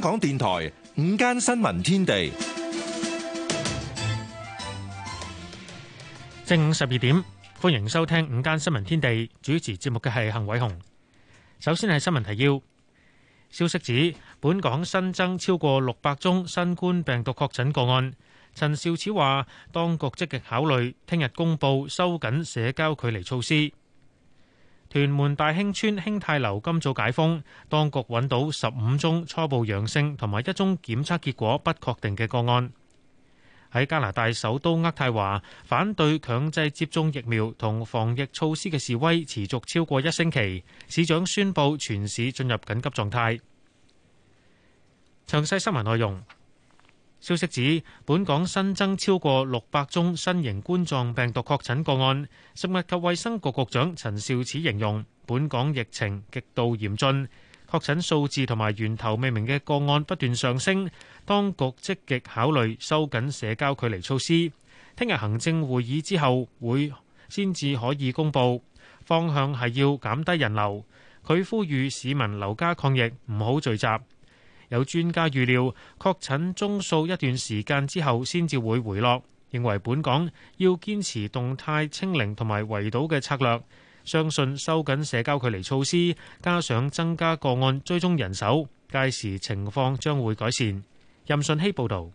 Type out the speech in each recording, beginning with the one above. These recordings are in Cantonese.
香港電台午間新聞天地，正午十二點，歡迎收聽午間新聞天地。主持節目嘅係幸偉雄。首先係新聞提要，消息指本港新增超過六百宗新冠病毒確診個案。陳肇始話，當局積極考慮聽日公布收緊社交距離措施。屯門大興村興泰樓今早解封，當局搵到十五宗初步陽性同埋一宗檢測結果不確定嘅個案。喺加拿大首都渥太華，反對強制接種疫苗同防疫措施嘅示威持續超過一星期，市長宣布全市進入緊急狀態。詳細新聞內容。消息指，本港新增超過六百宗新型冠狀病毒確診個案。食物及衛生局局長陳肇始形容，本港疫情極度嚴峻，確診數字同埋源頭未明嘅個案不斷上升。當局積極考慮收緊社交距離措施。聽日行政會議之後會先至可以公布方向，係要減低人流。佢呼籲市民留家抗疫，唔好聚集。有專家預料，確診宗數一段時間之後先至會回落，認為本港要堅持動態清零同埋圍堵嘅策略，相信收緊社交距離措施，加上增加個案追蹤人手，屆時情況將會改善。任信希報導。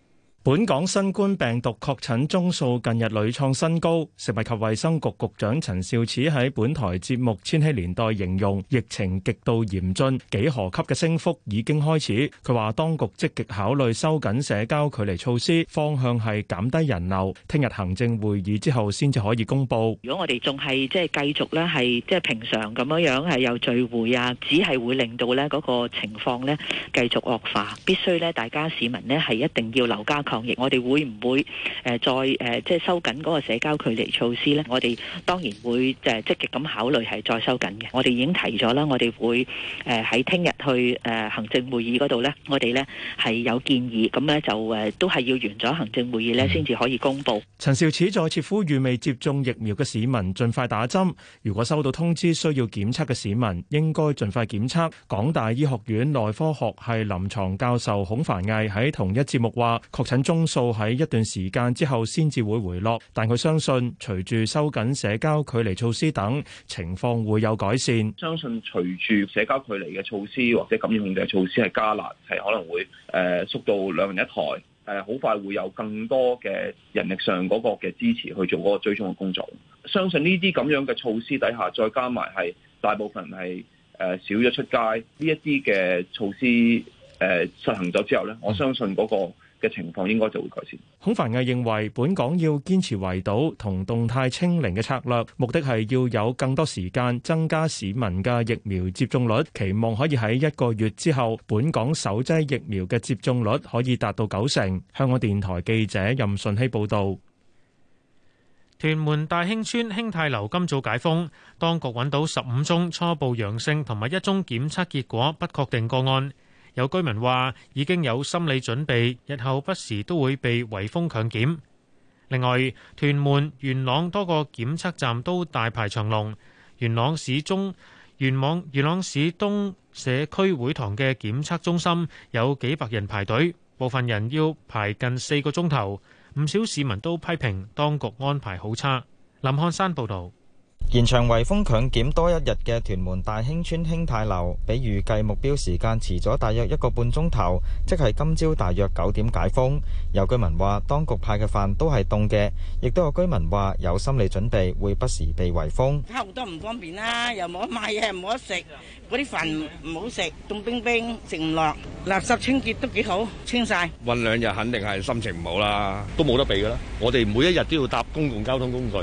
本港新冠病毒確診宗數近日屢創新高，食物及衛生局局長陳肇始喺本台節目《千禧年代》形容疫情極度嚴峻，幾何級嘅升幅已經開始。佢話當局積極考慮收緊社交距離措施，方向係減低人流。聽日行政會議之後先至可以公布。如果我哋仲係即係繼續咧，係即係平常咁樣樣係有聚會啊，只係會令到咧嗰個情況咧繼續惡化，必須咧大家市民咧係一定要留家。防疫，我哋會唔會誒再誒即係收緊嗰個社交距離措施咧？我哋當然會誒積極咁考慮係再收緊嘅。我哋已經提咗啦，我哋會誒喺聽日去誒行政會議嗰度咧，我哋咧係有建議，咁咧就誒都係要完咗行政會議咧先至可以公布。陳肇始再次呼籲未接種疫苗嘅市民盡快打針。如果收到通知需要檢測嘅市民，應該盡快檢測。港大醫學院內科學系臨牀教授孔凡毅喺同一節目話：確診。中數喺一段時間之後先至會回落，但佢相信隨住收緊社交距離措施等，情況會有改善。相信隨住社交距離嘅措施或者感染控制嘅措施係加辣，係可能會誒縮、呃、到兩人一台，誒、呃、好快會有更多嘅人力上嗰個嘅支持去做嗰個追蹤嘅工作。相信呢啲咁樣嘅措施底下，再加埋係大部分人係誒、呃、少咗出街呢一啲嘅措施誒、呃、實行咗之後咧，我相信嗰、那個。嘅情況應該就會改善。孔繁毅認為，本港要堅持圍堵同動態清零嘅策略，目的係要有更多時間增加市民嘅疫苗接種率，期望可以喺一個月之後，本港首劑疫苗嘅接種率可以達到九成。香港電台記者任順希報導。屯門大興村興泰樓今早解封，當局揾到十五宗初步陽性同埋一宗檢測結果不確定個案。有居民話已經有心理準備，日後不時都會被圍封強檢。另外，屯門、元朗多個檢測站都大排長龍。元朗市中元朗元朗市東社區會堂嘅檢測中心有幾百人排隊，部分人要排近四個鐘頭。唔少市民都批評當局安排好差。林漢山報導。延長圍封強檢多一日嘅屯門大興村興泰樓，比預計目標時間遲咗大約一個半鐘頭，即係今朝大約九點解封。有居民話，當局派嘅飯都係凍嘅，亦都有居民話有心理準備，會不時被圍封。差好多唔方便啦，又冇得買嘢，冇得食，嗰啲飯唔好食，凍冰冰食唔落。垃圾清潔都幾好，清晒混兩日肯定係心情唔好啦，都冇得避噶啦。我哋每一日都要搭公共交通工具，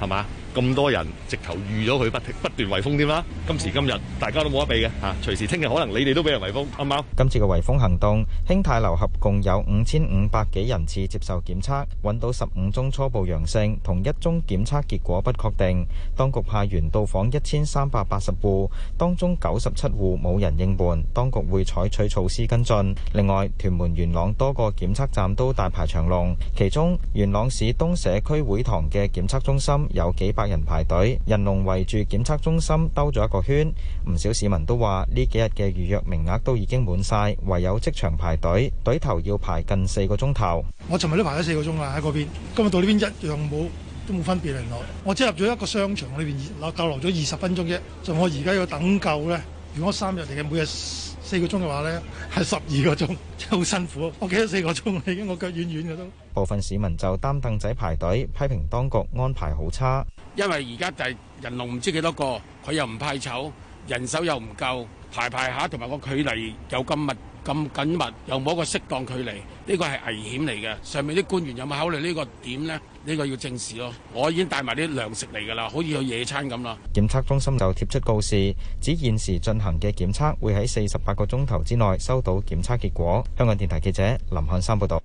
係嘛？咁多人直頭預咗佢不不斷圍封添啦！今時今日大家都冇得避嘅嚇，隨時聽日可能你哋都俾人圍封啱唔啱？今次嘅圍封行動，興泰樓合共有五千五百幾人次接受檢測，揾到十五宗初步陽性，同一宗檢測結果不確定。當局派員到訪一千三百八十戶，當中九十七戶冇人應門，當局會採取措施跟進。另外，屯門元朗多個檢測站都大排長龍，其中元朗市東社區會堂嘅檢測中心有幾百人排隊，人龍圍住檢測中心兜咗一個圈。唔少市民都話呢幾日嘅預約名額都已經滿晒，唯有即場排隊，隊頭要排近四個鐘頭。我尋日都排咗四個鐘啦喺嗰邊，今日到呢邊一樣冇都冇分別人攞。我即入咗一個商場裏面，我呢邊逗留咗二十分鐘啫。就我而家要等夠呢，如果三日嚟，嘅每日四個鐘嘅話呢，係十二個鐘，真係好辛苦。我企咗四個鐘已經，我腳軟軟嘅都。部分市民就擔凳仔排隊，批評當局安排好差。因為而家就係人龍唔知幾多個，佢又唔派籌，人手又唔夠，排排下，同埋個距離又咁密、咁緊密，又冇一個適當距離，呢個係危險嚟嘅。上面啲官員有冇考慮呢個點呢？呢個要正視咯。我已經帶埋啲糧食嚟㗎啦，可以去野餐咁啦。檢測中心就貼出告示，指現時進行嘅檢測會喺四十八個鐘頭之內收到檢測結果。香港電台記者林漢山報道。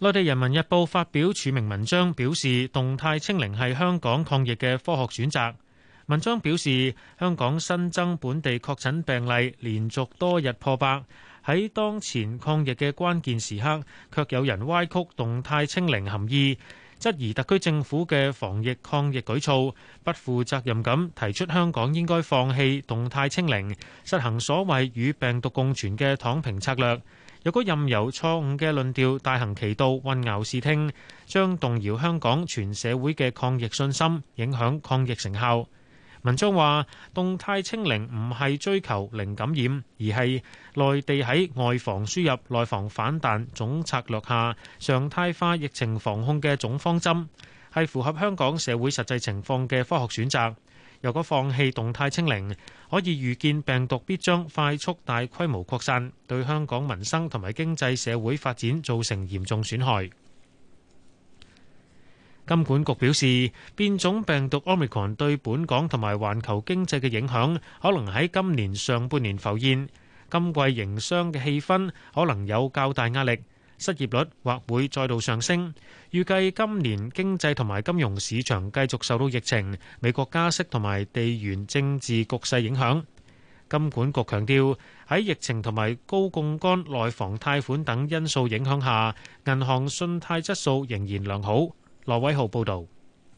內地《人民日報》發表署名文章，表示動態清零係香港抗疫嘅科學選擇。文章表示，香港新增本地確診病例連續多日破百，喺當前抗疫嘅關鍵時刻，却有人歪曲動態清零含義，質疑特區政府嘅防疫抗疫舉措，不負責任咁提出香港應該放棄動態清零，實行所謂與病毒共存嘅躺平策略。若果任由錯誤嘅論調大行其道，混淆視聽，將動搖香港全社會嘅抗疫信心，影響抗疫成效。文章話：動態清零唔係追求零感染，而係內地喺外防輸入、內防反彈總策略下，常態化疫情防控嘅總方針，係符合香港社會實際情況嘅科學選擇。如果放棄動態清零，可以預見病毒必將快速大規模擴散，對香港民生同埋經濟社會發展造成嚴重損害。金管局表示，變種病毒 Omicron 對本港同埋環球經濟嘅影響，可能喺今年上半年浮現，今季營商嘅氣氛可能有較大壓力。失業率或會再度上升，預計今年經濟同埋金融市場繼續受到疫情、美國加息同埋地緣政治局勢影響。金管局強調，喺疫情同埋高槓桿內房貸款等因素影響下，銀行信貸質素仍然良好。羅偉豪報導。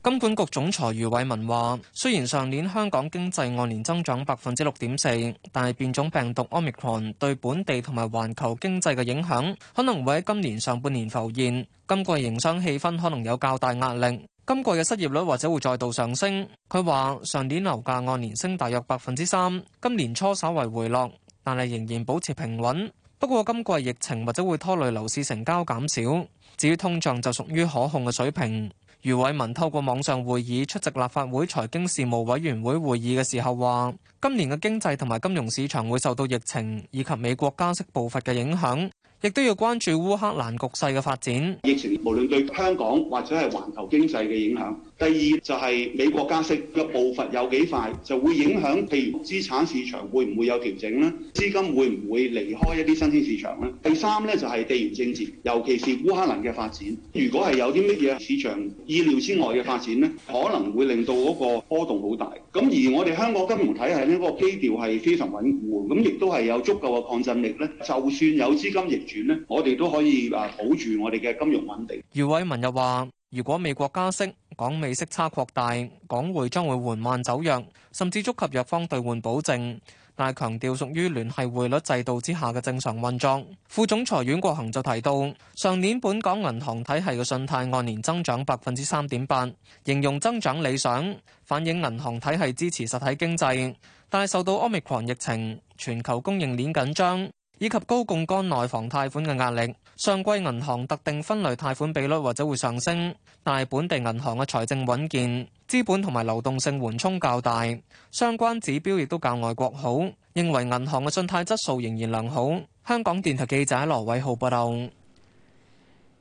金管局總裁余偉文話，雖然上年香港經濟按年增長百分之六點四，但係變種病毒 Omicron 對本地同埋環球經濟嘅影響，可能會喺今年上半年浮現。今季營商氣氛可能有較大壓力，今季嘅失業率或者會再度上升。佢話上年樓價按年升大約百分之三，今年初稍為回落，但係仍然保持平穩。不過今季疫情或者會拖累樓市成交減少。至於通脹就屬於可控嘅水平。余偉文透過網上會議出席立法會財經事務委員會會議嘅時候話，今年嘅經濟同埋金融市場會受到疫情以及美國加息步伐嘅影響，亦都要關注烏克蘭局勢嘅發展。疫情無論對香港或者係環球經濟嘅影響，第二就係美國加息嘅步伐有幾快，就會影響譬如資產市場會唔會有調整咧？資金會唔會離開一啲新興市場咧？第三咧就係地緣政治，尤其是烏克蘭嘅發展。如果係有啲乜嘢市場意料之外嘅發展咧，可能會令到嗰個波動好大。咁而我哋香港金融體系呢個基調係非常穩固，咁亦都係有足夠嘅抗震力咧。就算有資金逆轉咧，我哋都可以啊保住我哋嘅金融穩定。余偉文又話：如果美國加息，港美息差擴大，港匯將會緩慢走弱，甚至觸及弱方兌換保證，但係強調屬於聯繫匯率制度之下嘅正常運作。副總裁阮國恆就提到，上年本港銀行體系嘅信貸按年增長百分之三點八，形容增長理想，反映銀行體系支持實體經濟，但係受到 Omicron 疫情、全球供應鏈緊張。以及高槓桿內房貸款嘅壓力，上季銀行特定分類貸款比率或者會上升。但係本地銀行嘅財政穩健，資本同埋流動性緩衝較大，相關指標亦都較外國好。認為銀行嘅信貸質素仍然良好。香港電台記者羅偉浩報道。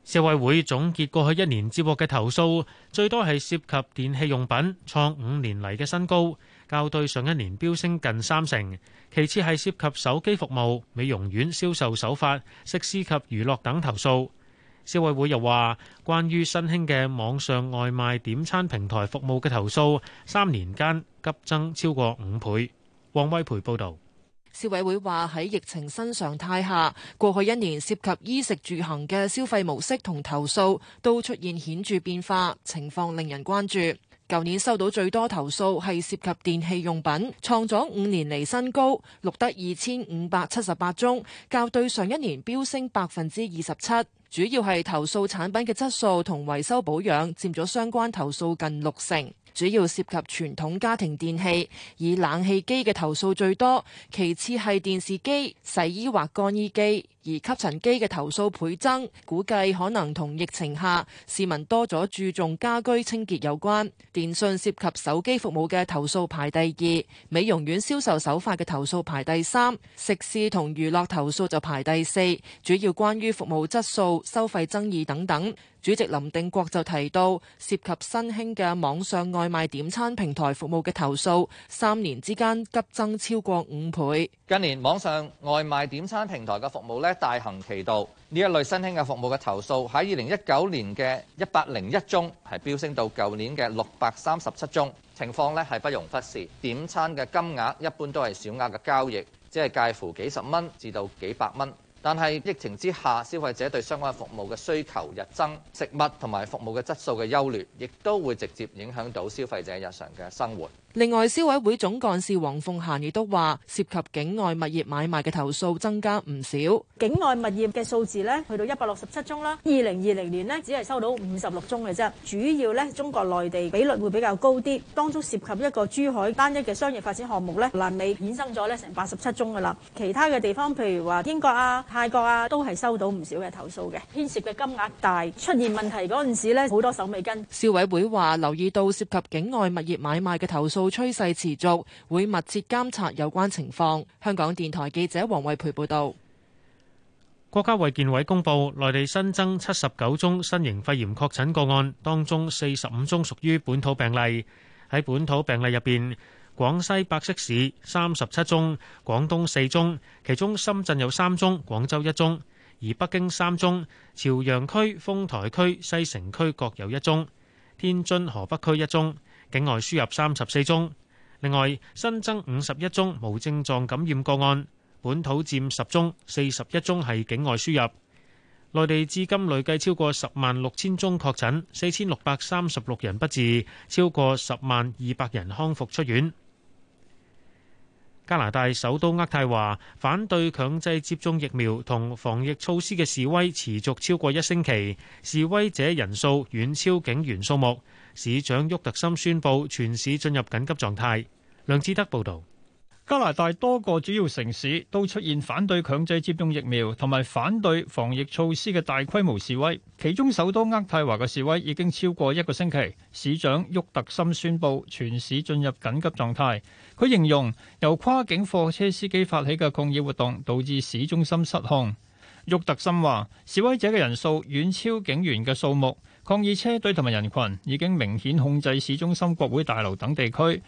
消委會總結過去一年接獲嘅投訴，最多係涉及電器用品，創五年嚟嘅新高。較對上一年飆升近三成，其次係涉及手機服務、美容院銷售手法、食肆及娛樂等投訴。消委會又話，關於新興嘅網上外賣點餐平台服務嘅投訴，三年間急增超過五倍。黃威培報導。消委會話喺疫情新常態下，過去一年涉及衣食住行嘅消費模式同投訴都出現顯著變化，情況令人關注。舊年收到最多投訴係涉及電器用品，創咗五年嚟新高，錄得二千五百七十八宗，較對上一年飆升百分之二十七。主要係投訴產品嘅質素同維修保養佔咗相關投訴近六成。主要涉及傳統家庭電器，以冷氣機嘅投訴最多，其次係電視機、洗衣或乾衣機，而吸塵機嘅投訴倍增，估計可能同疫情下市民多咗注重家居清潔有關。電信涉及手機服務嘅投訴排第二，美容院銷售手法嘅投訴排第三，食肆同娛樂投訴就排第四，主要關於服務質素、收費爭議等等。主席林定國就提到，涉及新興嘅網上外賣點餐平台服務嘅投訴，三年之間急增超過五倍。近年，網上外賣點餐平台嘅服務呢，大行其道。呢一類新興嘅服務嘅投訴喺2019年嘅101宗，係飆升到舊年嘅637宗。情況呢，係不容忽視。點餐嘅金額一般都係小額嘅交易，即係介乎幾十蚊至到幾百蚊。但係疫情之下，消費者對相關服務嘅需求日增，食物同埋服務嘅質素嘅優劣，亦都會直接影響到消費者日常嘅生活。另外，消委會總幹事黃鳳嫻亦都話，涉及境外物業買賣嘅投訴增加唔少。境外物業嘅數字呢，去到一百六十七宗啦。二零二零年呢，只係收到五十六宗嘅啫。主要呢，中國內地比率會比較高啲。當中涉及一個珠海單一嘅商業發展項目呢，爛尾衍生咗呢成八十七宗㗎啦。其他嘅地方，譬如話英國啊、泰國啊，都係收到唔少嘅投訴嘅。牽涉嘅金額大，出現問題嗰陣時呢，好多手尾跟。消委會話留意到涉及境外物業買賣嘅投訴，到趨勢持續，會密切監察有關情況。香港電台記者黃慧培報道。國家衛健委公布，內地新增七十九宗新型肺炎確診個案，當中四十五宗屬於本土病例。喺本土病例入邊，廣西百色市三十七宗，廣東四宗，其中深圳有三宗，廣州一宗，而北京三宗，朝陽區、豐台區、西城區各有一宗，天津河北區一宗。境外輸入三十四宗，另外新增五十一宗無症狀感染個案，本土佔十宗，四十一宗係境外輸入。內地至今累計超過十萬六千宗確診，四千六百三十六人不治，超過十萬二百人康復出院。加拿大首都渥太華反對強制接種疫苗同防疫措施嘅示威持續超過一星期，示威者人數遠超警員數目。市長沃特森宣布全市進入緊急狀態。梁志德報導，加拿大多個主要城市都出現反對強制接種疫苗同埋反對防疫措施嘅大規模示威，其中首都渥太華嘅示威已經超過一個星期。市長沃特森宣布全市進入緊急狀態。佢形容由跨境貨車司機發起嘅抗議活動導致市中心失控。沃特森話示威者嘅人數遠超警員嘅數目。抗議車隊同埋人群已經明顯控制市中心、國會大樓等地區。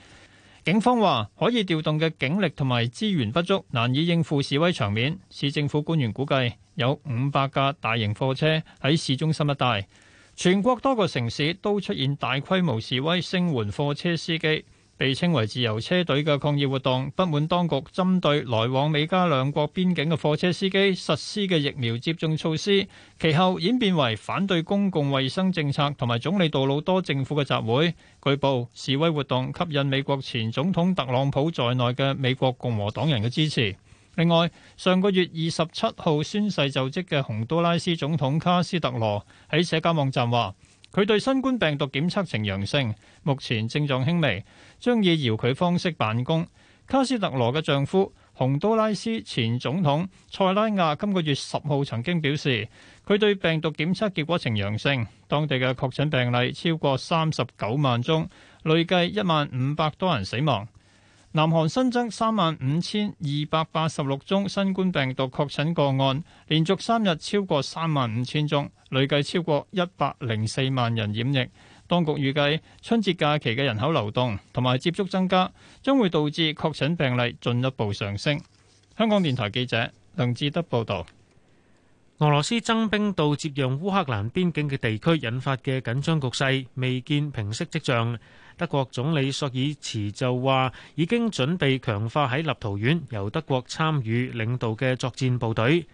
警方話可以調動嘅警力同埋資源不足，難以應付示威場面。市政府官員估計有五百架大型貨車喺市中心一帶。全國多個城市都出現大規模示威，聲援貨車司機。被稱為自由車隊嘅抗議活動，不滿當局針對來往美加兩國邊境嘅貨車司機實施嘅疫苗接種措施，其後演變為反對公共衛生政策同埋總理杜魯多政府嘅集會。據報示威活動吸引美國前總統特朗普在內嘅美國共和黨人嘅支持。另外，上個月二十七號宣誓就職嘅洪都拉斯總統卡斯特羅喺社交網站話。佢對新冠病毒檢測呈陽性，目前症狀輕微，將以遙距方式辦公。卡斯特羅嘅丈夫洪都拉斯前總統塞拉亞今個月十號曾經表示，佢對病毒檢測結果呈陽性。當地嘅確診病例超過三十九萬宗，累計一萬五百多人死亡。南韓新增三萬五千二百八十六宗新冠病毒確診個案，連續三日超過三萬五千宗，累計超過一百零四萬人染疫。當局預計春節假期嘅人口流動同埋接觸增加，將會導致確診病例進一步上升。香港電台記者梁志德報導。俄羅斯增兵到接壤烏克蘭邊境嘅地區，引發嘅緊張局勢未見平息跡象。德國總理索爾茨就話，已經準備強化喺立陶宛由德國參與領導嘅作戰部隊。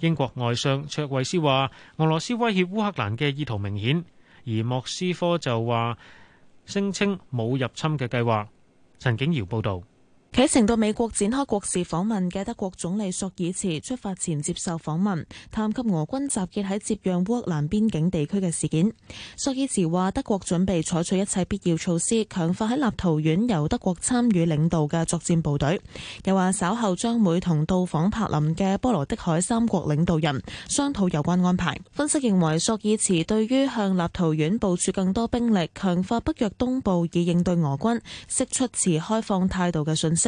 英國外相卓慧斯話，俄羅斯威脅烏克蘭嘅意圖明顯，而莫斯科就話聲稱冇入侵嘅計劃。陳景堯報道。啟程到美國展開國事訪問嘅德國總理朔爾茨出發前接受訪問，談及俄軍集結喺接壤烏克蘭邊境地區嘅事件。朔爾茨話：德國準備採取一切必要措施，強化喺立陶宛由德國參與領導嘅作戰部隊。又話稍後將會同到訪柏林嘅波羅的海三國領導人商討有關安排。分析認為，朔爾茨對於向立陶宛部署更多兵力，強化北約東部以應對俄軍，釋出持開放態度嘅信息。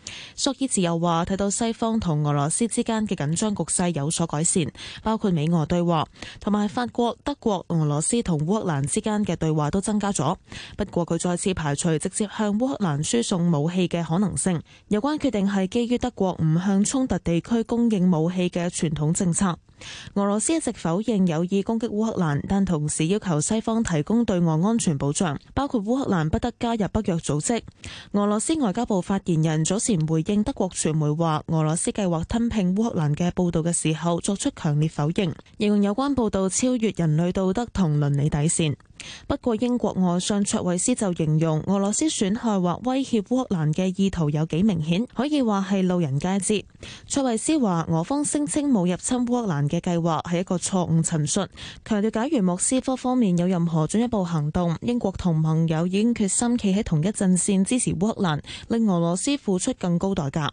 索爾茲又話，睇到西方同俄羅斯之間嘅緊張局勢有所改善，包括美俄對話，同埋法國、德國、俄羅斯同烏克蘭之間嘅對話都增加咗。不過佢再次排除直接向烏克蘭輸送武器嘅可能性，有關決定係基於德國唔向衝突地區供應武器嘅傳統政策。俄羅斯一直否認有意攻擊烏克蘭，但同時要求西方提供對外安全保障，包括烏克蘭不得加入北約組織。俄羅斯外交部發言人早前，回應德國傳媒話俄羅斯計劃吞併烏克蘭嘅報道嘅時候，作出強烈否認，形容有關報道超越人類道德同倫理底線。不過英國外相卓維斯就形容俄羅斯損害或威脅烏克蘭嘅意圖有幾明顯，可以話係路人皆知。卓維斯話俄方聲稱冇入侵烏克蘭嘅計劃係一個錯誤陳述，強調假如莫斯科方面有任何進一步行動，英國同盟友已經決心企喺同一陣線支持烏克蘭，令俄羅斯付出更高代價。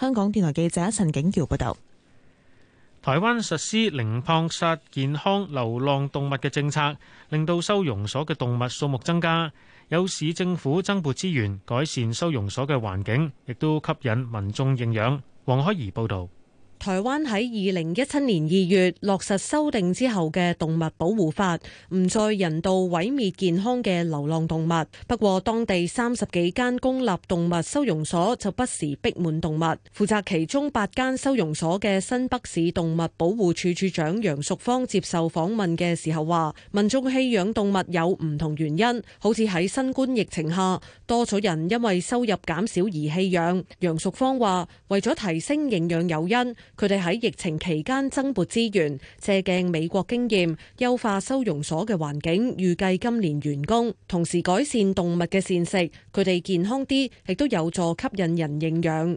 香港電台記者陳景橋報道。台灣實施零撲殺健康流浪動物嘅政策，令到收容所嘅動物數目增加。有市政府增撥資源，改善收容所嘅環境，亦都吸引民眾認養。黃開怡報導。台灣喺二零一七年二月落實修訂之後嘅動物保護法，唔再人道毀滅健康嘅流浪動物。不過，當地三十幾間公立動物收容所就不時逼滿動物。負責其中八間收容所嘅新北市動物保護處處長楊淑芳接受訪問嘅時候話：民眾棄養動物有唔同原因，好似喺新冠疫情下。多咗人因為收入減少而棄養，楊淑芳話：為咗提升營養誘因，佢哋喺疫情期間增撥資源，借鏡美國經驗，優化收容所嘅環境，預計今年完工，同時改善動物嘅膳食，佢哋健康啲，亦都有助吸引人認養。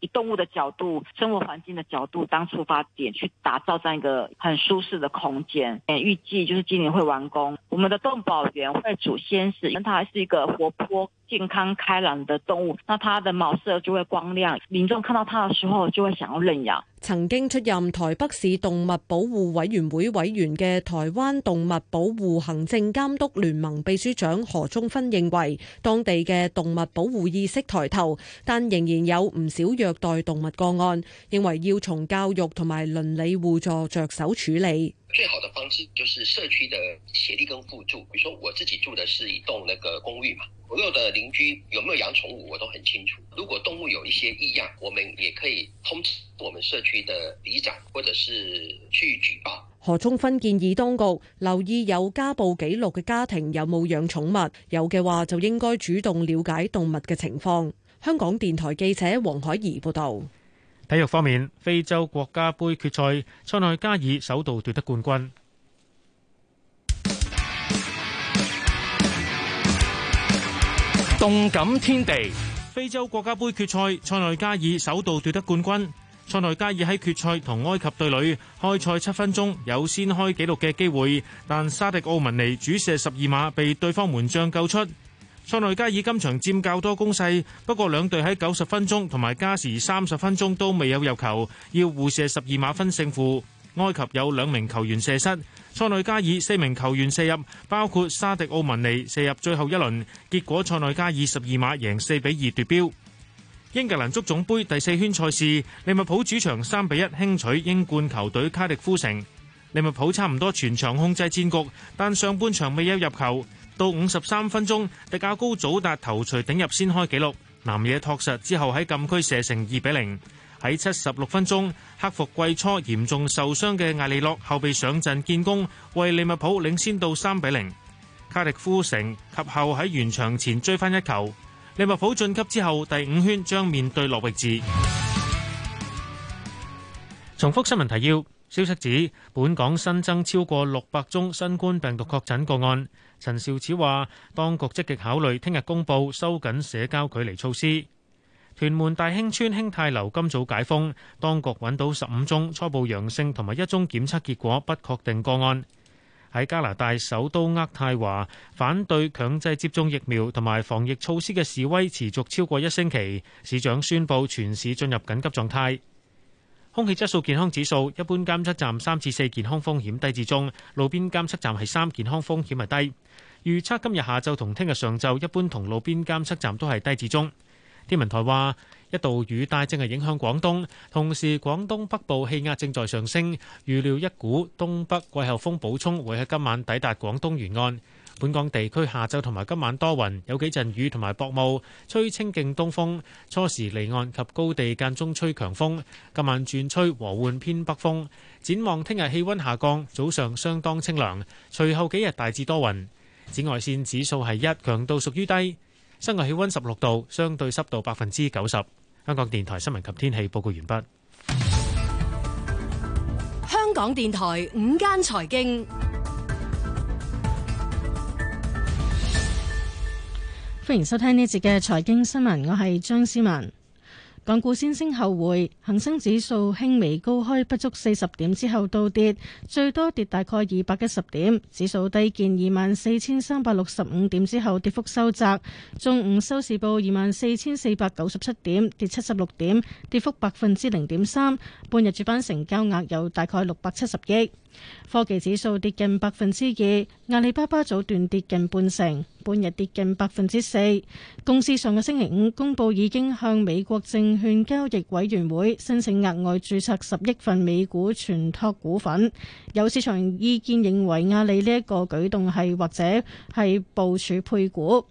以動物的角度、生活環境的角度當出發點去打造這樣一個很舒適的空間。預計就是今年會完工。我們的動保員會首先是，因為它是一個活潑、健康、開朗的動物，那它的毛色就會光亮。民眾看到它的時候就會想要領養。曾經出任台北市動物保護委員會委員嘅台灣動物保護行政監督聯盟秘書長何忠芬認為，當地嘅動物保護意識抬頭，但仍然有唔少虐待動物個案，認為要從教育同埋倫理互助着手處理。最好的方式就是社區的協力跟互助。比如說我自己住的是一棟那個公寓嘛，所有的鄰居有沒有養寵物，我都很清楚。如果動物有一些異樣，我們也可以通知我們社區的里長，或者是去舉報。何忠芬建議當局留意有家暴記錄嘅家庭有冇養寵物，有嘅話就應該主動了解動物嘅情況。香港電台記者黃海怡報道：體育方面，非洲國家杯決賽，塞內加爾首度奪得冠軍。動感天地，非洲國家杯決賽，塞內加爾首度奪得冠軍。塞內加爾喺決賽同埃及隊對壘，開賽七分鐘，有先開紀錄嘅機會，但沙迪奧文尼主射十二碼被對方門將救出。塞內加爾今場佔較多攻勢，不過兩隊喺九十分鐘同埋加時三十分鐘都未有入球，要互射十二碼分勝負。埃及有兩名球員射失，塞內加爾四名球員射入，包括沙迪奧文尼射入最後一輪，結果塞內加爾十二碼贏四比二奪標。英格蘭足總杯第四圈賽事，利物浦主場三比一輕取英冠球隊卡迪夫城。利物浦差唔多全場控制戰局，但上半場未有入球。到五十三分鐘，迪亞高祖達頭槌頂入先開紀錄，南野拓實之後喺禁區射成二比零。喺七十六分鐘，克服季初嚴重受傷嘅艾利洛後備上陣建功，為利物浦領先到三比零。卡迪夫城及後喺完場前追翻一球，利物浦晉級之後第五圈將面對諾域治。重複新聞提要。消息指，本港新增超過六百宗新冠病毒確診個案。陳肇始話，當局積極考慮聽日公布收緊社交距離措施。屯門大興邨興泰樓今早解封，當局揾到十五宗初步陽性同埋一宗檢測結果不確定個案。喺加拿大首都渥太華，反對強制接種疫苗同埋防疫措施嘅示威持續超過一星期，市長宣布全市進入緊急狀態。空氣質素健康指數，一般監測站三至四健康風險低至中，路邊監測站係三健康風險係低。預測今日下晝同聽日上晝，一般同路邊監測站都係低至中。天文台話，一道雨帶正係影響廣東，同時廣東北部氣壓正在上升，預料一股東北季候風補充會喺今晚抵達廣東沿岸。本港地區下晝同埋今晚多雲，有幾陣雨同埋薄霧，吹清勁東風。初時離岸及高地間中吹強風，今晚轉吹和緩偏北風。展望聽日氣溫下降，早上相當清涼，隨後幾日大致多雲。紫外線指數係一，強度屬於低。室外氣溫十六度，相對濕度百分之九十。香港電台新聞及天氣報告完畢。香港電台午間財經。歡迎收聽呢節嘅財經新聞，我係張思文。港股先升後回，恒生指數輕微高開，不足四十點之後倒跌，最多跌大概二百一十點，指數低見二萬四千三百六十五點之後跌幅收窄。中午收市報二萬四千四百九十七點，跌七十六點，跌幅百分之零點三。半日主板成交額有大概六百七十億。科技指數跌近百分之二，阿里巴巴早段跌近半成，半日跌近百分之四。公司上個星期五公佈，已經向美國證券交易委員會申請額外註冊十億份美股存託股份。有市場意見認為，阿里呢一個舉動係或者係部署配股。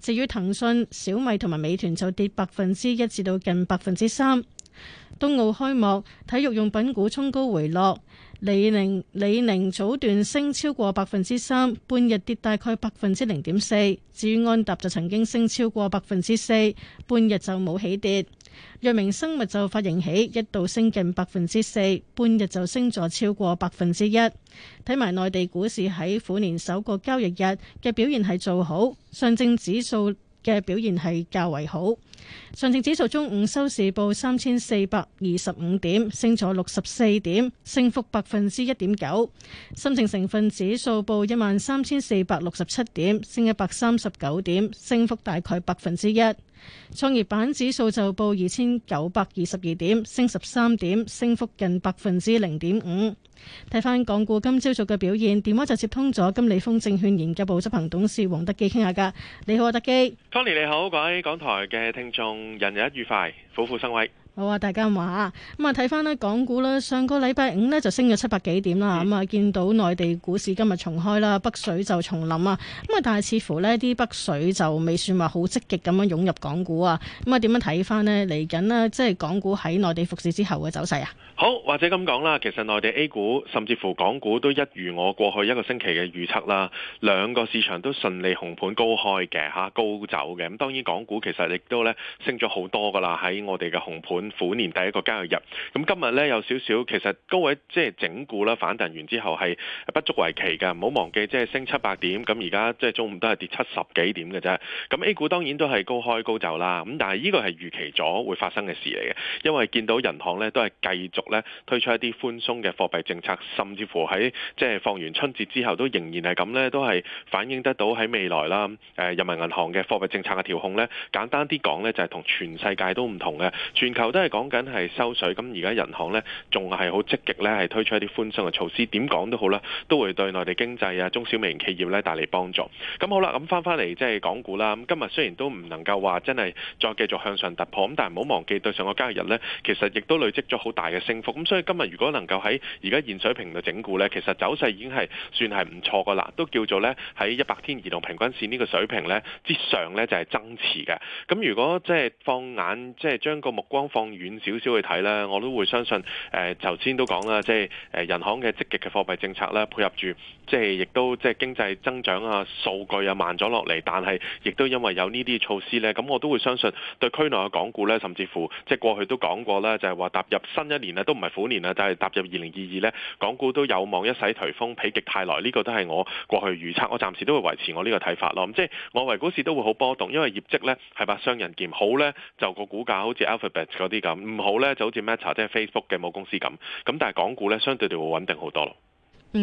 至於騰訊、小米同埋美團就跌百分之一至到近百分之三。冬奧開幕，體育用品股衝高回落。李寧李寧早段升超過百分之三，半日跌大概百分之零點四。至於安踏，就曾經升超過百分之四，半日就冇起跌。藥明生物就發盈喜，一度升近百分之四，半日就升咗超過百分之一。睇埋內地股市喺虎年首個交易日嘅表現係做好，上證指數嘅表現係較為好。上證指數中午收市報三千四百二十五點，升咗六十四點，升幅百分之一點九。深證成分指數報一萬三千四百六十七點，升一百三十九點，升幅大概百分之一。創業板指數就報二千九百二十二點，升十三點，升幅近百分之零點五。睇翻港股今朝早嘅表現，電話就接通咗金利豐證券研究部執行董事黃德基傾下噶。你好，阿德基。Tony 你好，各位港台嘅聽。仲人人一愉快，虎虎生威。好啊，大家話吓咁啊，睇翻呢港股啦。上個禮拜五呢，就升咗七百幾點啦。咁啊、嗯，見到內地股市今日重開啦，北水就重臨啊。咁啊，但係似乎呢啲北水就未算話好積極咁樣湧入港股啊。咁、嗯、啊，點樣睇翻呢？嚟緊呢，即係港股喺內地復市之後嘅走勢啊？好，或者咁講啦，其實內地 A 股甚至乎港股都一如我過去一個星期嘅預測啦，兩個市場都順利紅盤高開嘅嚇，高走嘅。咁、嗯、當然港股其實亦都咧升咗好多噶啦，喺我哋嘅紅盤虎年第一個交易日。咁、嗯、今日咧有少少其實高位即係整固啦，反彈完之後係不足為奇嘅。唔好忘記即係升七百點，咁而家即係中午都係跌七十幾點嘅啫。咁、嗯嗯、A 股當然都係高開高走啦。咁、嗯、但係呢個係預期咗會發生嘅事嚟嘅，因為見到銀行咧都係繼續。推出一啲寬鬆嘅貨幣政策，甚至乎喺即係放完春節之後都仍然係咁咧，都係反映得到喺未來啦。誒，人民銀行嘅貨幣政策嘅調控咧，簡單啲講咧就係同全世界都唔同嘅，全球都係講緊係收水，咁而家銀行咧仲係好積極咧，係推出一啲寬鬆嘅措施。點講都好啦，都會對內地經濟啊、中小微型企業咧帶嚟幫助。咁好啦，咁翻返嚟即係港股啦。咁今日雖然都唔能夠話真係再繼續向上突破，咁但係唔好忘記對上個交易日咧，其實亦都累積咗好大嘅升。咁、嗯、所以今日如果能夠喺而家現在水平度整固呢，其實走勢已經係算係唔錯㗎啦，都叫做呢，喺一百天移動平均線呢個水平呢之上呢，就係、是、增持嘅。咁、嗯、如果即係放眼即係將個目光放遠少少去睇呢，我都會相信誒，頭、呃、先都講啦，即係誒人行嘅積極嘅貨幣政策呢，配合住即係亦都即係、就是、經濟增長啊數據啊慢咗落嚟，但係亦都因為有呢啲措施呢。咁我都會相信對區內嘅港股呢，甚至乎即係過去都講過啦，就係、是、話踏入新一年呢。都唔係苦年啊，但係踏入二零二二呢，港股都有望一洗頹風，否極泰來。呢個都係我過去預測，我暫時都會維持我呢個睇法咯。即係我認為股市都會好波動，因為業績呢係把雙刃劍，好呢，就個股價好似 Alphabet 嗰啲咁，唔好呢就好似 Meta 即係 Facebook 嘅母公司咁。咁但係港股呢，相對地會穩定好多咯。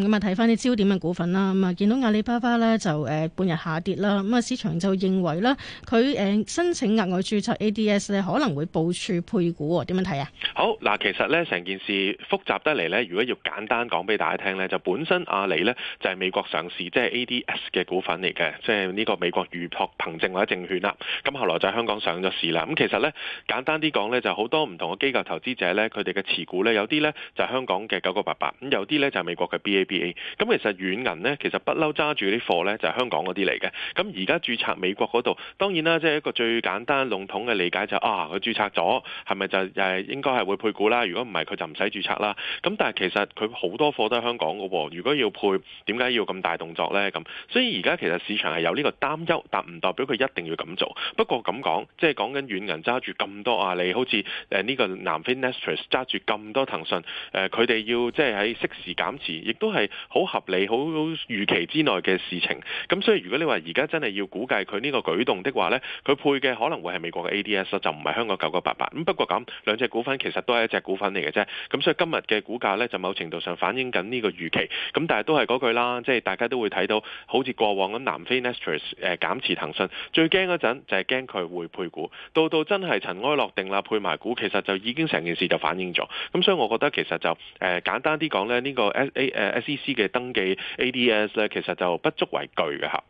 咁啊睇翻啲焦點嘅股份啦，咁啊見到阿里巴巴咧就誒半日下跌啦，咁啊市場就認為咧佢誒申請額外註冊 ADS 咧可能會部署配股，點樣睇啊？好嗱，其實咧成件事複雜得嚟咧，如果要簡單講俾大家聽咧，就本身阿里咧就係美國上市，即係 ADS 嘅股份嚟嘅，即係呢個美國預託憑證或者證券啦。咁後來就喺香港上咗市啦。咁其實咧簡單啲講咧，就好多唔同嘅機構投資者咧，佢哋嘅持股咧有啲咧就係香港嘅九九八八，咁有啲咧就係美國嘅咁其實軟銀呢，其實不嬲揸住啲貨呢，就係香港嗰啲嚟嘅。咁而家註冊美國嗰度，當然啦，即係一個最簡單、籠統嘅理解就係啊，佢註冊咗，係咪就係應該係會配股啦？如果唔係，佢就唔使註冊啦。咁但係其實佢好多貨都係香港嘅喎。如果要配，點解要咁大動作呢？咁所以而家其實市場係有呢個擔憂，但唔代表佢一定要咁做。不過咁講，即係講緊軟銀揸住咁多啊，你好似誒呢個南非 Naspers 揸住咁多騰訊誒，佢哋要即係喺適時減持。都係好合理、好預期之內嘅事情。咁所以如果你話而家真係要估計佢呢個舉動的話呢，佢配嘅可能會係美國嘅 ADS，就唔係香港九九八八。咁不過咁兩隻股份其實都係一隻股份嚟嘅啫。咁所以今日嘅股價呢，就某程度上反映緊呢個預期。咁但係都係嗰句啦，即係大家都會睇到，好似過往咁南非 Naspers 誒減持騰訊，最驚嗰陣就係驚佢會配股。到到真係塵埃落定啦，配埋股其實就已經成件事就反映咗。咁所以我覺得其實就誒簡單啲講呢，呢、呢個 SA、呃 S.E.C 嘅登記 A.D.S 咧，AD S，其實就不足為據嘅嚇。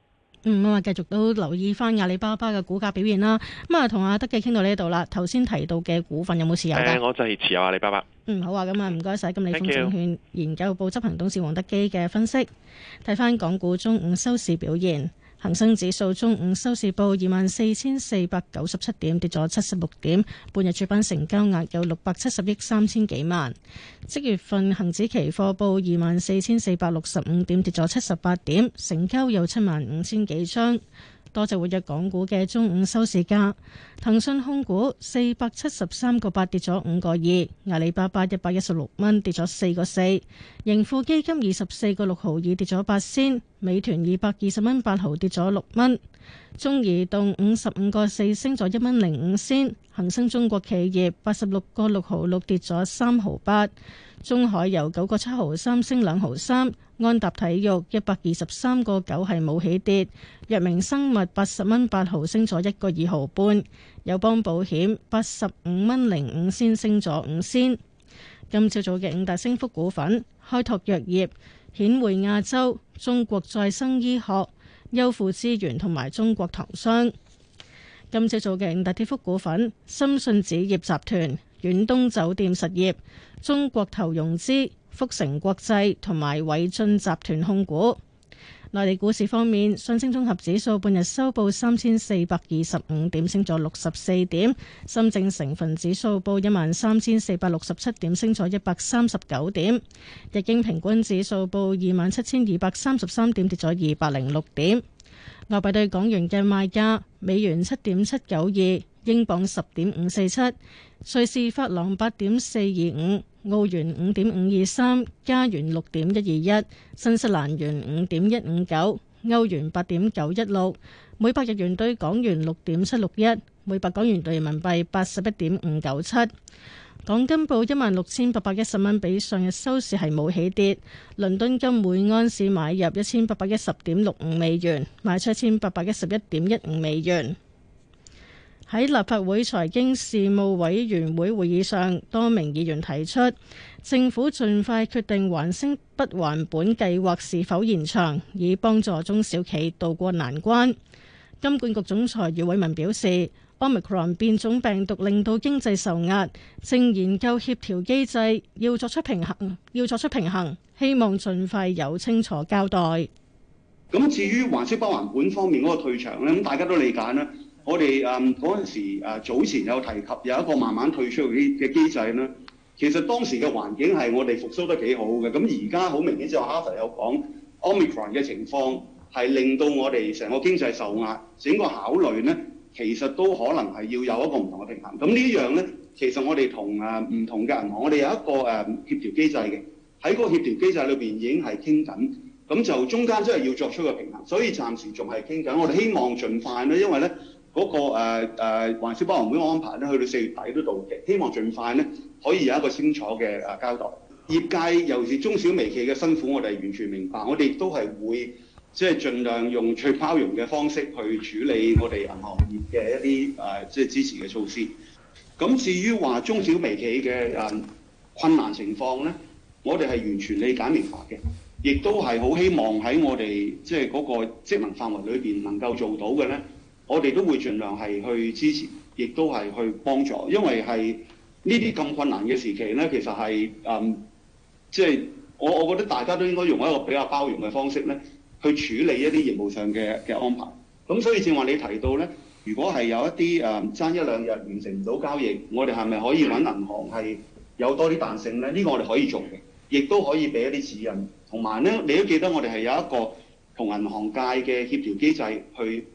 嗯啊，繼續都留意翻阿里巴巴嘅股價表現啦。咁啊，同阿德記傾到呢度啦。頭先提到嘅股份有冇持有噶？嗯？我就係持有阿里巴巴。嗯，好啊。咁啊，唔該晒。咁 Thank，李忠證券研究部執行董事黃德基嘅分析，睇翻港股中午收市表現。恒生指數中午收市報二萬四千四百九十七點，跌咗七十六點。半日主板成交額有六百七十億三千幾萬。即月份恒指期貨報二萬四千四百六十五點，跌咗七十八點，成交有七萬五千幾張。多隻活躍港股嘅中午收市價，騰訊控股四百七十三個八跌咗五個二，阿里巴巴一百一十六蚊跌咗四個四，盈富基金二十四個六毫二跌咗八仙，美團二百二十蚊八毫跌咗六蚊，中移動五十五個四升咗一蚊零五仙，恒生中國企業八十六個六毫六跌咗三毫八。中海油九個七毫三升兩毫三，安踏體育一百二十三個九係冇起跌，藥明生物八十蚊八毫升咗一個二毫半，友邦保險八十五蚊零五仙升咗五仙。今朝早嘅五大升幅股份：開拓藥業、顯匯亞洲、中國再生醫學、優富資源同埋中國糖商。今朝早嘅五大跌幅股，股份：深信紙業集團。遠東酒店實業、中國投融資、福成國際同埋偉進集團控股。內地股市方面，上證綜合指數半日收報三千四百二十五點，升咗六十四點；深證成分指數報一萬三千四百六十七點，升咗一百三十九點；日經平均指數報二萬七千二百三十三點，跌咗二百零六點。外幣對港元嘅賣價：美元七點七九二，英鎊十點五四七。瑞士法郎八點四二五，澳元五點五二三，加元六點一二一，新西蘭元五點一五九，歐元八點九一六，每百日元兌港元六點七六一，每百港元兌人民幣八十一點五九七。港金報一萬六千八百一十蚊，比上日收市係冇起跌。倫敦金每安士買入一千八百一十點六五美元，賣出一千八百一十一點一五美元。喺立法會財經事務委員會會議上，多名議員提出政府盡快決定還息不還本計劃是否延長，以幫助中小企渡過難關。金管局總裁余偉文表示，Omicron 變種病毒令到經濟受壓，正研究協調機制，要作出平衡，要作出平衡，希望盡快有清楚交代。咁至於還息不還本方面嗰個退場咧，咁大家都理解啦。我哋誒嗰陣時、啊、早前有提及有一個慢慢退出嘅機制咧，其實當時嘅環境係我哋復甦得幾好嘅，咁而家好明顯就 Arthur 有講 Omicron 嘅情況係令到我哋成個經濟受壓，整個考慮咧其實都可能係要有一個唔同嘅平衡。咁呢樣咧，其實我哋同誒唔同嘅銀行，我哋有一個誒協調機制嘅，喺個協調機制裏邊已經係傾緊，咁就中間真係要作出個平衡，所以暫時仲係傾緊。我哋希望盡快咧，因為咧。嗰、那個誒誒，環、呃啊、小包行會安排咧，去到四月底都到期，希望盡快咧可以有一個清楚嘅誒、啊、交代。業界尤其是中小微企嘅辛苦，我哋係完全明白，我哋都係會即係盡量用最包容嘅方式去處理我哋銀行業嘅一啲誒、啊、即係支持嘅措施。咁至於話中小微企嘅誒、啊、困難情況咧，我哋係完全理解明白嘅，亦都係好希望喺我哋即係嗰個職能範圍裏邊能夠做到嘅咧。我哋都會盡量係去支持，亦都係去幫助，因為係呢啲咁困難嘅時期呢，其實係誒，即、呃、係、就係、我我覺得大家都應該用一個比較包容嘅方式呢，去處理一啲業務上嘅嘅安排。咁所以正話你提到呢，如果係有一啲誒爭一兩日完成唔到交易，我哋係咪可以揾銀行係有多啲彈性呢？呢、呢個我哋可以做嘅，亦都可以俾一啲指引。同埋呢，你都記得我哋係有一個同銀行界嘅協調機制去。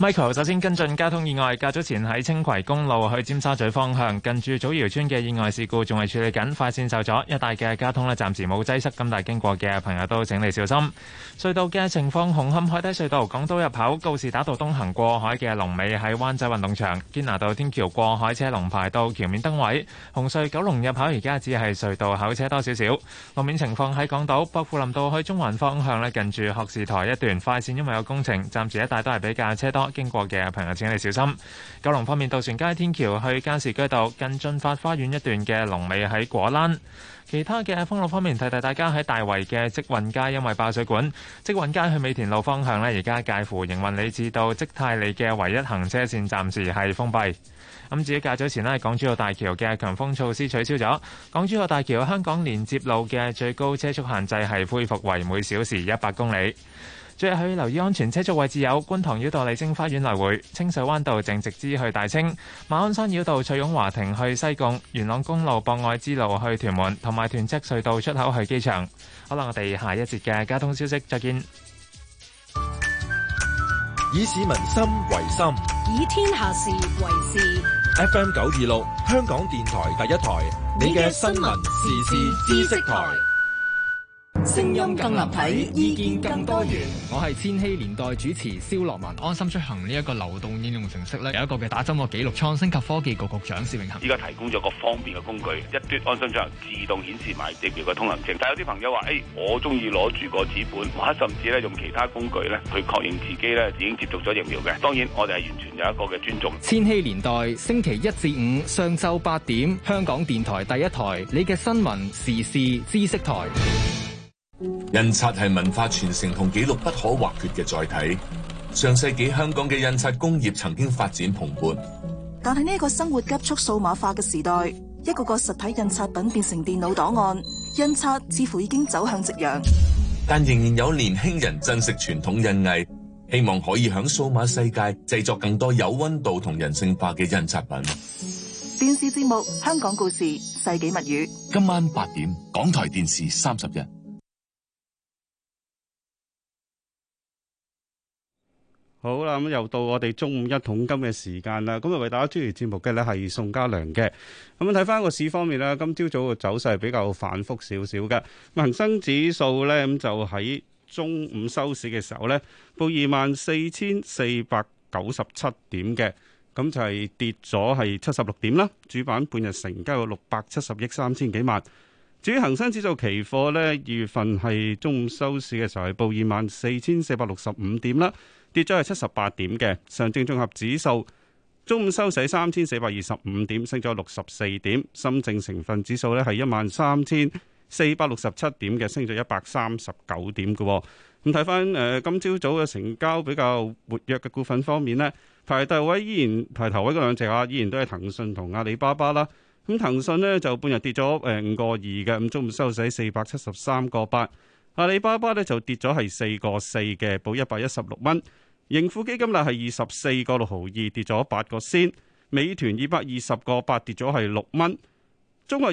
Michael 首先跟進交通意外，較早前喺青葵公路去尖沙咀方向，近住祖堯邨嘅意外事故，仲係處理緊，快線受阻，一帶嘅交通咧暫時冇擠塞，咁大經過嘅朋友都請你小心。隧道嘅情況，紅磡海底隧道港島入口告士打道東行過海嘅龍尾喺灣仔運動場堅拿道天橋過海車龍排到橋面燈位。紅隧九龍入口而家只係隧道口車多少少，路面情況。喺港島薄扶林道去中環方向咧，近住學士台一段快線因為有工程，暫時一帶都係比較車多。經過嘅朋友，請你小心。九龍方面，渡船街天橋去加士居道近駿發花園一段嘅龍尾喺果欄。其他嘅封路方面，提提大家喺大圍嘅積運街，因為爆水管，積運街去美田路方向呢，而家介乎營運里至到積泰里嘅唯一行車綫暫時係封閉。咁至於較早前呢，港珠澳大橋嘅強風措施取消咗，港珠澳大橋香港連接路嘅最高車速限制係恢復為每小時一百公里。最近可留意安全車速位置有觀塘繞道麗晶花園來回、清水灣道正直支去大清、馬鞍山繞道翠涌華庭去西貢、元朗公路博愛之路去屯門、同埋屯積隧道出口去機場。好啦，我哋下一節嘅交通消息再見。以市民心為心，以天下事為事。F M 九二六，香港電台第一台，你嘅新聞時事知識台。聲音更立體，意見更多元。我係千禧年代主持蕭樂文。安心出行呢一個流動應用程式咧，有一個嘅打針嘅記錄，創新及科技局局長薛永恒。依家提供咗個方便嘅工具，一端安心出行自動顯示埋疫苗嘅通行證。但有啲朋友話，誒、哎，我中意攞住個紙本，或者甚至咧用其他工具咧去確認自己咧已經接種咗疫苗嘅。當然，我哋係完全有一個嘅尊重。千禧年代星期一至五上晝八點，香港電台第一台，你嘅新聞時事知識台。印刷係文化傳承同記錄不可或缺嘅載體。上世紀香港嘅印刷工業曾經發展蓬勃，但係呢個生活急速數碼化嘅時代，一個個實體印刷品變成電腦檔案，印刷似乎已經走向夕陽。但仍然有年輕人珍惜傳統印藝，希望可以喺數碼世界製作更多有温度同人性化嘅印刷品。電視節目《香港故事》世紀物語，今晚八點，港台電視三十日。好啦，咁又到我哋中午一桶金嘅時間啦。今日為大家主持節目嘅咧係宋家良嘅。咁睇翻個市方面咧，今朝早嘅走勢比較反覆少少嘅。恒生指數呢，咁就喺中午收市嘅時候呢，報二萬四千四百九十七點嘅，咁就係跌咗係七十六點啦。主板半日成交有六百七十億三千幾萬。至於恒生指數期貨呢，二月份係中午收市嘅時候係報二萬四千四百六十五點啦。跌咗係七十八點嘅。上證綜合指數中午收市三千四百二十五點，升咗六十四點。深證成分指數呢係一萬三千四百六十七點嘅，升咗一百三十九點嘅。咁睇翻，誒，今朝早嘅成交比較活躍嘅股份方面呢，排第一位依然排頭位嘅兩隻啊，依然都係騰訊同阿里巴巴啦。咁騰訊呢就半日跌咗誒五個二嘅，咁中午收市四百七十三個八。阿里巴巴呢就跌咗係四個四嘅，報一百一十六蚊。盈富基金咧係二十四個六毫二，跌咗八個仙。美團二百二十個八，跌咗係六蚊。中國。